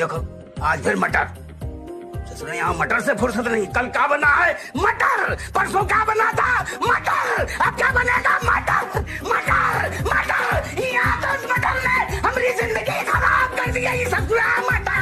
देखो आज फिर मटर तो यहाँ मटर से फुर्सत नहीं कल क्या बना है मटर परसों क्या बना था मटर अब क्या बनेगा मटर मटर मटर यहाँ तो मटर ने हमारी जिंदगी खराब कर दिया ये सब मटर